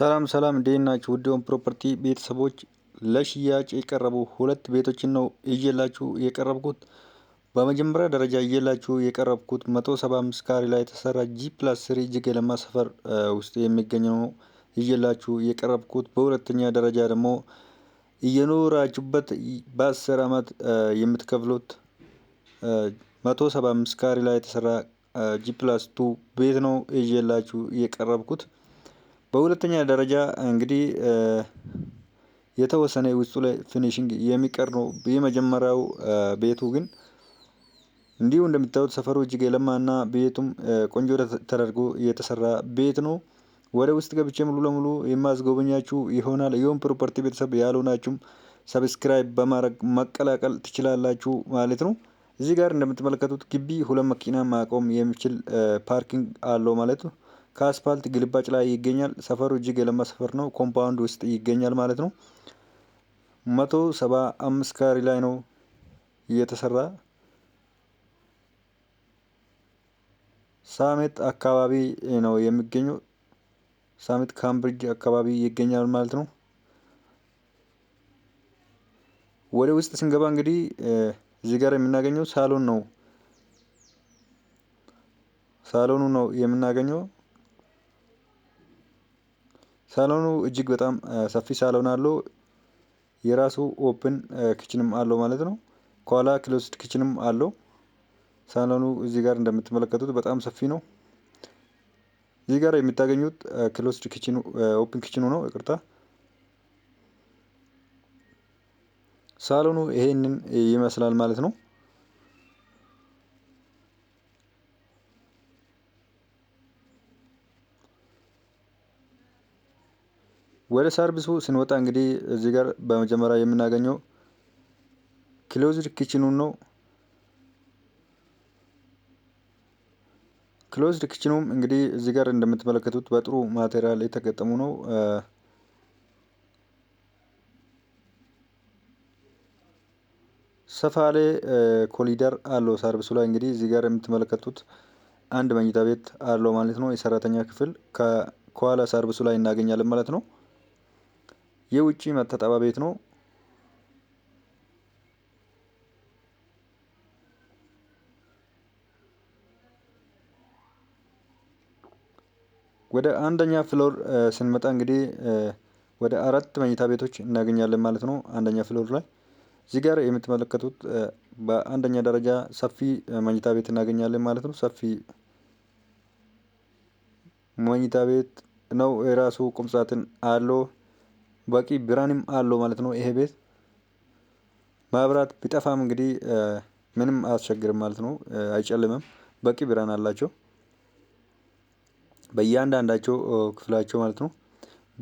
ሰላም ሰላም እንዴት ናችሁ? ውዲውን ፕሮፐርቲ ቤተሰቦች ለሽያጭ የቀረቡ ሁለት ቤቶችን ነው እየላችሁ የቀረብኩት። በመጀመሪያ ደረጃ እየላችሁ የቀረብኩት 175 ካሬ ላይ የተሰራ ጂ ፕላስ ስሪ እጅግ የለማ ሰፈር ውስጥ የሚገኘው እየላችሁ የቀረብኩት። በሁለተኛ ደረጃ ደግሞ እየኖራችሁበት በአስር ዓመት የምትከፍሉት 175 ካሬ ላይ የተሰራ ጂ ፕላስ ቱ ቤት ነው እየላችሁ የቀረብኩት። በሁለተኛ ደረጃ እንግዲህ የተወሰነ ውስጡ ላይ ፊኒሽንግ የሚቀር ነው። የመጀመሪያው ቤቱ ግን እንዲሁ እንደሚታዩት ሰፈሩ እጅግ የለማና ቤቱም ቆንጆ ተደርጎ የተሰራ ቤት ነው። ወደ ውስጥ ገብቼ ሙሉ ለሙሉ የማስጎበኛችሁ ይሆናል። ይሁን ፕሮፐርቲ ቤተሰብ ያልሆናችሁም ሰብስክራይብ በማድረግ መቀላቀል ትችላላችሁ ማለት ነው። እዚህ ጋር እንደምትመለከቱት ግቢ ሁለት መኪና ማቆም የሚችል ፓርኪንግ አለው ማለት ነው። ከአስፋልት ግልባጭ ላይ ይገኛል። ሰፈሩ እጅግ የለማ ሰፈር ነው። ኮምፓውንድ ውስጥ ይገኛል ማለት ነው። መቶ ሰባ አምስት ካሬ ላይ ነው እየተሰራ ሳሜት አካባቢ ነው የሚገኘው። ሳሜት ካምብሪጅ አካባቢ ይገኛል ማለት ነው። ወደ ውስጥ ስንገባ እንግዲህ እዚህ ጋር የምናገኘው ሳሎን ነው። ሳሎኑ ነው የምናገኘው። ሳሎኑ እጅግ በጣም ሰፊ ሳሎን አለው። የራሱ ኦፕን ክችንም አለው ማለት ነው። ከኋላ ክሎስድ ክችንም አለው። ሳሎኑ እዚህ ጋር እንደምትመለከቱት በጣም ሰፊ ነው። እዚህ ጋር የምታገኙት ክሎስድ ኪችኑ ኦፕን ክችኑ ነው፣ ይቅርታ። ሳሎኑ ይሄንን ይመስላል ማለት ነው። ወደ ሰርቪሱ ስንወጣ እንግዲህ እዚህ ጋር በመጀመሪያ የምናገኘው ክሎዝድ ኪችኑን ነው። ክሎዝድ ኪችኑም እንግዲህ እዚህ ጋር እንደምትመለከቱት በጥሩ ማቴሪያል የተገጠሙ ነው። ሰፋ ያለ ኮሊደር አለው ሰርቪሱ ላይ እንግዲህ እዚህ ጋር የምትመለከቱት አንድ መኝታ ቤት አለው ማለት ነው። የሰራተኛ ክፍል ከኋላ ሰርቪሱ ላይ እናገኛለን ማለት ነው። የውጭ መታጠቢያ ቤት ነው። ወደ አንደኛ ፍሎር ስንመጣ እንግዲህ ወደ አራት መኝታ ቤቶች እናገኛለን ማለት ነው። አንደኛ ፍሎር ላይ እዚህ ጋር የምትመለከቱት በአንደኛ ደረጃ ሰፊ መኝታ ቤት እናገኛለን ማለት ነው። ሰፊ መኝታ ቤት ነው። የራሱ ቁምሳጥን አለው። በቂ ብርሃንም አለው ማለት ነው ይሄ ቤት። መብራት ቢጠፋም እንግዲህ ምንም አያስቸግርም ማለት ነው፣ አይጨልምም። በቂ ብርሃን አላቸው በእያንዳንዳቸው ክፍላቸው ማለት ነው።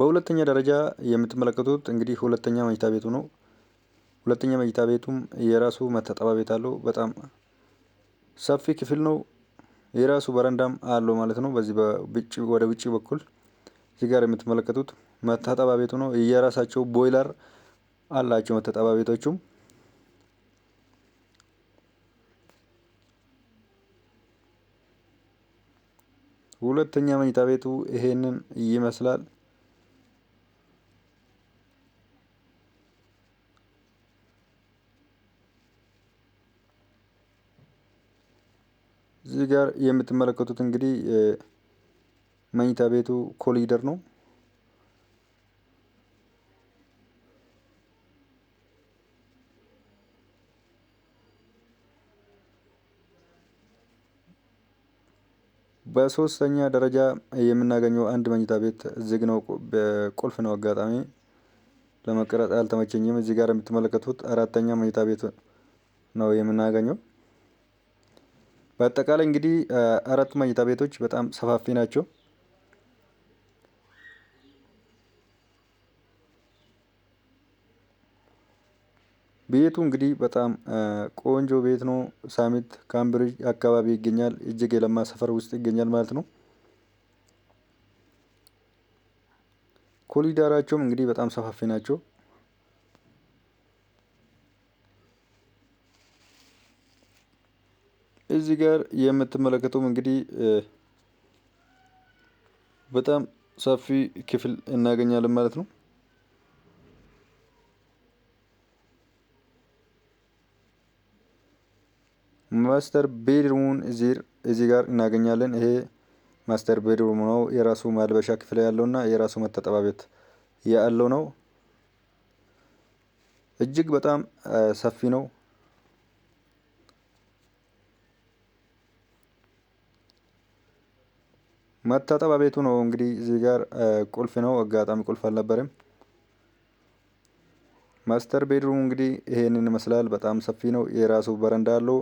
በሁለተኛ ደረጃ የምትመለከቱት እንግዲህ ሁለተኛ መኝታ ቤቱ ነው። ሁለተኛ መኝታ ቤቱም የራሱ መታጠቢያ ቤት አለው። በጣም ሰፊ ክፍል ነው። የራሱ በረንዳም አለው ማለት ነው። በዚህ ወደ ውጭ በኩል እዚህ ጋር የምትመለከቱት መታጠቢያ ቤቱ ነው። የራሳቸው ቦይለር አላቸው መታጠቢያ ቤቶቹም ሁለተኛ መኝታ ቤቱ ይሄንን ይመስላል። እዚህ ጋር የምትመለከቱት እንግዲህ መኝታ ቤቱ ኮሊደር ነው። በሶስተኛ ደረጃ የምናገኘው አንድ መኝታ ቤት ዝግ ነው፣ ቁልፍ ነው። አጋጣሚ ለመቅረጽ አልተመቸኝም። እዚህ ጋር የምትመለከቱት አራተኛ መኝታ ቤት ነው የምናገኘው። በአጠቃላይ እንግዲህ አራት መኝታ ቤቶች በጣም ሰፋፊ ናቸው። ቤቱ እንግዲህ በጣም ቆንጆ ቤት ነው። ሳሚት ካምብሪጅ አካባቢ ይገኛል። እጅግ የለማ ሰፈር ውስጥ ይገኛል ማለት ነው። ኮሊዳራቸውም እንግዲህ በጣም ሰፋፊ ናቸው። እዚህ ጋር የምትመለከቱም እንግዲህ በጣም ሰፊ ክፍል እናገኛለን ማለት ነው። ማስተር ቤድሩሙን እዚህ ጋር እናገኛለን። ይሄ ማስተር ቤድሩም ነው። የራሱ ማልበሻ ክፍል ያለውና የራሱ መታጠቢያ ቤት ያለው ነው። እጅግ በጣም ሰፊ ነው። መታጠቢያ ቤቱ ነው እንግዲህ እዚህ ጋር ቁልፍ ነው። አጋጣሚ ቁልፍ አልነበረም። ማስተር ቤድሩም እንግዲህ ይሄንን ይመስላል። በጣም ሰፊ ነው። የራሱ በረንዳ አለው።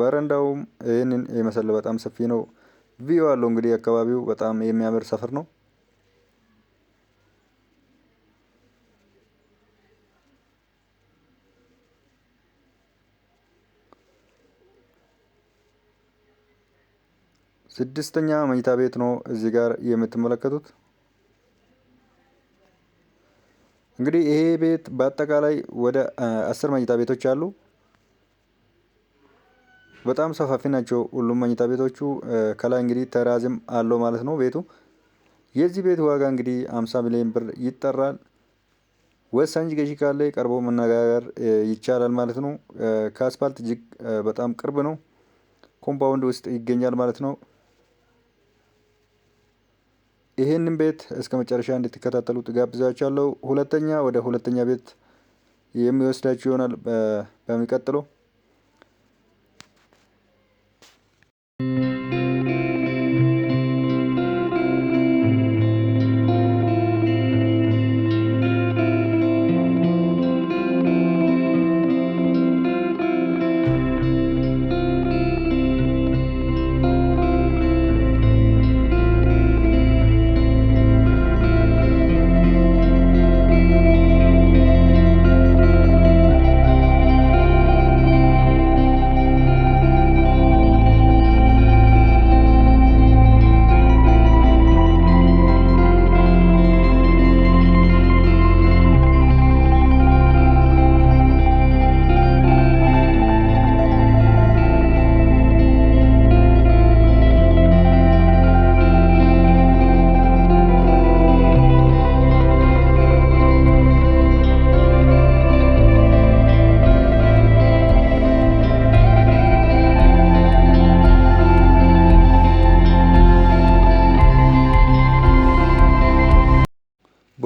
በረንዳውም ይህንን የመሰለ በጣም ሰፊ ነው። ቪው አለው እንግዲህ አካባቢው በጣም የሚያምር ሰፈር ነው። ስድስተኛ መኝታ ቤት ነው እዚህ ጋር የምትመለከቱት። እንግዲህ ይሄ ቤት በአጠቃላይ ወደ አስር መኝታ ቤቶች አሉ። በጣም ሰፋፊ ናቸው ሁሉም መኝታ ቤቶቹ። ከላይ እንግዲህ ተራዝም አለው ማለት ነው ቤቱ። የዚህ ቤት ዋጋ እንግዲህ 50 ሚሊዮን ብር ይጠራል። ወሳኝ ገዢ ካለ ቀርቦ መነጋገር ይቻላል ማለት ነው። ከአስፓልት እጅግ በጣም ቅርብ ነው። ኮምፓውንድ ውስጥ ይገኛል ማለት ነው። ይህንን ቤት እስከ መጨረሻ እንድትከታተሉ ጋብዛችኋለሁ። ሁለተኛ ወደ ሁለተኛ ቤት የሚወስዳችሁ ይሆናል በሚቀጥለው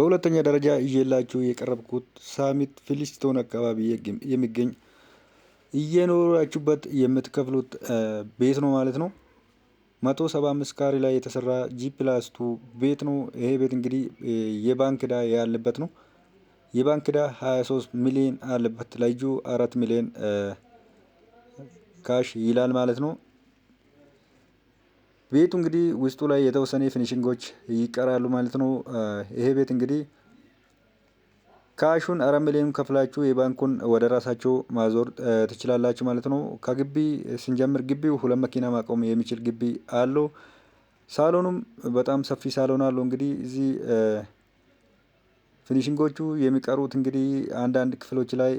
በሁለተኛ ደረጃ እየላችሁ የቀረብኩት ሳሚት ፊሊስቶን አካባቢ የሚገኝ እየኖራችሁበት የምትከፍሉት ቤት ነው ማለት ነው። መቶ ሰባ አምስት ካሬ ላይ የተሰራ ጂ ፕላስቱ ቤት ነው። ይሄ ቤት እንግዲህ የባንክ ዕዳ ያለበት ነው። የባንክ ዕዳ 23 ሚሊዮን አለበት። ለልጁ አራት ሚሊዮን ካሽ ይላል ማለት ነው። ቤቱ እንግዲህ ውስጡ ላይ የተወሰነ ፊኒሽንጎች ይቀራሉ ማለት ነው። ይሄ ቤት እንግዲህ ካሹን አራት ሚሊዮን ከፍላችሁ የባንኩን ወደ ራሳቸው ማዞር ትችላላችሁ ማለት ነው። ከግቢ ስንጀምር ግቢው ሁለት መኪና ማቆም የሚችል ግቢ አለው። ሳሎኑም በጣም ሰፊ ሳሎን አለው። እንግዲህ እዚህ ፊኒሽንጎቹ የሚቀሩት እንግዲህ አንዳንድ ክፍሎች ላይ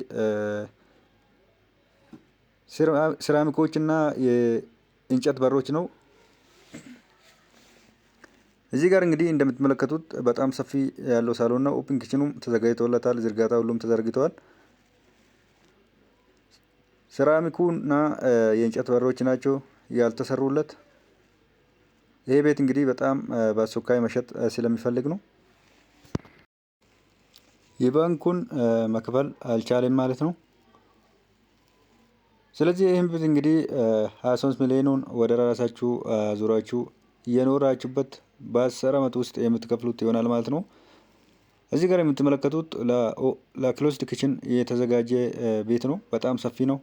ሴራሚኮች እና የእንጨት በሮች ነው። እዚህ ጋር እንግዲህ እንደምትመለከቱት በጣም ሰፊ ያለው ሳሎን ነው። ኦፕን ኪችኑም ተዘጋጅቶለታል። ዝርጋታ ሁሉም ተዘርግተዋል። ሴራሚኩና የእንጨት በሮች ናቸው ያልተሰሩለት። ይሄ ቤት እንግዲህ በጣም በአስቸኳይ መሸጥ ስለሚፈልግ ነው። የባንኩን መክፈል አልቻለም ማለት ነው። ስለዚህ ይህም ቤት እንግዲህ 23 ሚሊዮኑን ወደ ራሳችሁ ዙሪያችሁ እየኖራችሁበት በአስር ዓመት ውስጥ የምትከፍሉት ይሆናል ማለት ነው። እዚህ ጋር የምትመለከቱት ለክሎዝድ ክችን የተዘጋጀ ቤት ነው። በጣም ሰፊ ነው።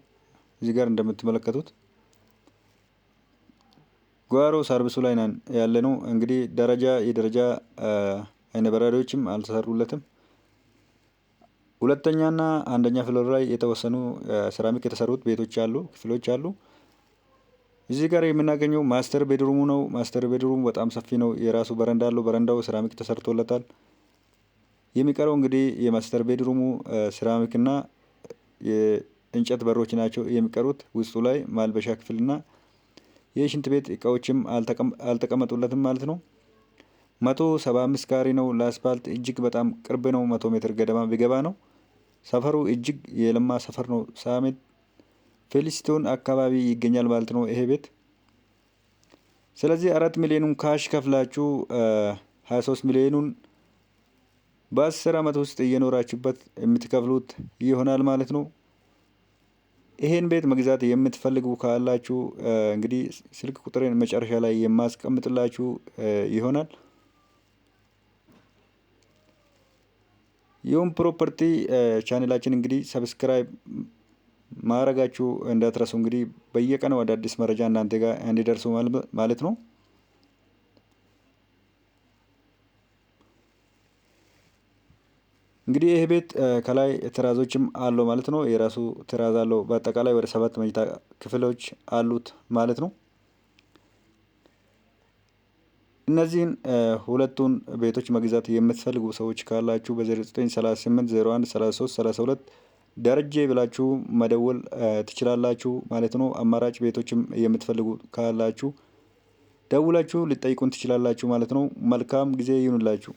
እዚህ ጋር እንደምትመለከቱት ጓሮ ሰርቪሱ ላይ ያለ ነው። እንግዲህ ደረጃ የደረጃ አይነ በራሪዎችም አልተሰሩለትም። ሁለተኛና አንደኛ ፍሎር ላይ የተወሰኑ ሴራሚክ የተሰሩት ቤቶች አሉ፣ ክፍሎች አሉ። እዚህ ጋር የምናገኘው ማስተር ቤድሩሙ ነው። ማስተር ቤድሩሙ በጣም ሰፊ ነው። የራሱ በረንዳ አለው። በረንዳው ሴራሚክ ተሰርቶለታል። የሚቀረው እንግዲህ የማስተር ቤድሩሙ ና የእንጨት በሮች ናቸው የሚቀሩት። ውስጡ ላይ ማልበሻ ክፍልና የሽንት ቤት እቃዎችም አልተቀመጡለትም ማለት ነው። መቶ ሰባ አምስት ካሬ ነው። ለአስፓልት እጅግ በጣም ቅርብ ነው። መቶ ሜትር ገደማ ቢገባ ነው። ሰፈሩ እጅግ የለማ ሰፈር ነው። ሳሚት ፌሊስቶን አካባቢ ይገኛል ማለት ነው ይሄ ቤት። ስለዚህ አራት ሚሊዮኑን ካሽ ከፍላችሁ 23 ሚሊዮኑን በአስር ዓመት ውስጥ እየኖራችሁበት የምትከፍሉት ይሆናል ማለት ነው። ይሄን ቤት መግዛት የምትፈልጉ ካላችሁ እንግዲህ ስልክ ቁጥሬን መጨረሻ ላይ የማስቀምጥላችሁ ይሆናል። ይሁን ፕሮፐርቲ ቻኔላችን እንግዲህ ሰብስክራይብ ማድረጋችሁ እንዳትረሱ። እንግዲህ በየቀነው ወደ አዲስ መረጃ እናንተ ጋር እንዲደርሱ ማለት ነው። እንግዲህ ይህ ቤት ከላይ ትራዞችም አለው ማለት ነው። የራሱ ትራዝ አለው። በአጠቃላይ ወደ ሰባት መኝታ ክፍሎች አሉት ማለት ነው። እነዚህን ሁለቱን ቤቶች መግዛት የምትፈልጉ ሰዎች ካላችሁ በ0938 01 32 ደረጀ ብላችሁ መደወል ትችላላችሁ ማለት ነው። አማራጭ ቤቶችም የምትፈልጉ ካላችሁ ደውላችሁ ልጠይቁን ትችላላችሁ ማለት ነው። መልካም ጊዜ ይሁንላችሁ።